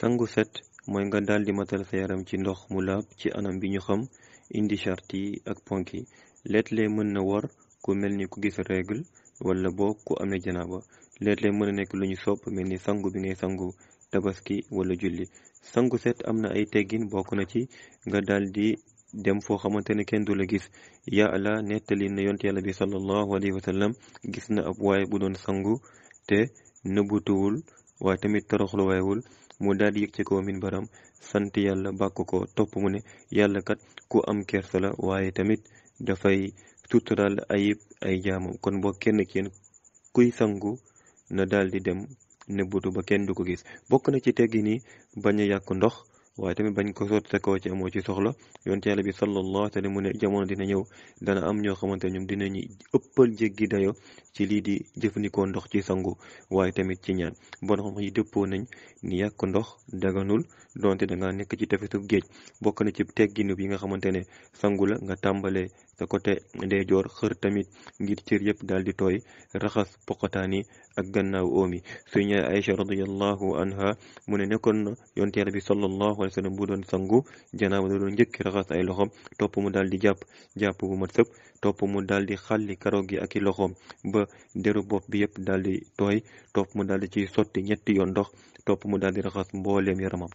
sangu set mooy nga daal di matal sa yaram ci ndox mu laab ci anam bi ñu xam indi charte yi ak ponk yi léeg mën na war ku mel ni ku gis règle wala boo ku amee janaaba léeg mën na nekk lu ñu sopp mel ni sangu bi ngay sangu tabaski wala julli sangu set am na ay teggin bokk na ci nga daal di dem foo xamante ne kenn du la gis yàlla nettali na yont yàlla bi sallallahu alayhi wa sallam gis na ab waaye bu doon sangu te nëbbutuwul waaye tamit toroxlu waayewul mu daal di yëg ci kaw baram sant yàlla bàkk ko topp mu ne yàlla kat ku am kersa la waaye tamit dafay tuturaal ayib ay jaamam kon boo kenn kenn kuy sangu na daal di dem nëbbutu ba kenn du ko gis bokk na ci teggi ni bañ a yàq ndox waaye tamit bañ ko sotti sa kaw ci amoo ci soxla yonte yàlla bi sallallahu alayhi wa sallam mu ne jamono dina ñëw dana am ñoo xamante ñoom dinañu ëppal jéggi dayo ci lii di jëfandikoo ndox ci sangu waaye tamit ci ñaan bon xam yi dëppoo nañ ni yàq ndox daganul donte da nga nekk ci tefesub géej bokk na ci tegginu yi nga xamante ne sangu la nga tàmbalee sa côté ndeyjoor xër tamit ngir cër yëpp daal di tooy raxas poqotaan yi ak gannaaw oom yi suy ñaay Aïcha radiallahu anha mu ne nekkoon na yonte yàlla bi sallallahu alayhi wa sallam doon sangu janaaba da doon njëkki raxas ay loxom topp mu daal di jàpp jàpp bu mat sëpp topp mu daal di xàlli karo gi ak deru bopp bi yëpp daal di tooy topp mu daal di ciy sotti ñetti yoon ndox topp mu daal di raxas mbooleem yaramam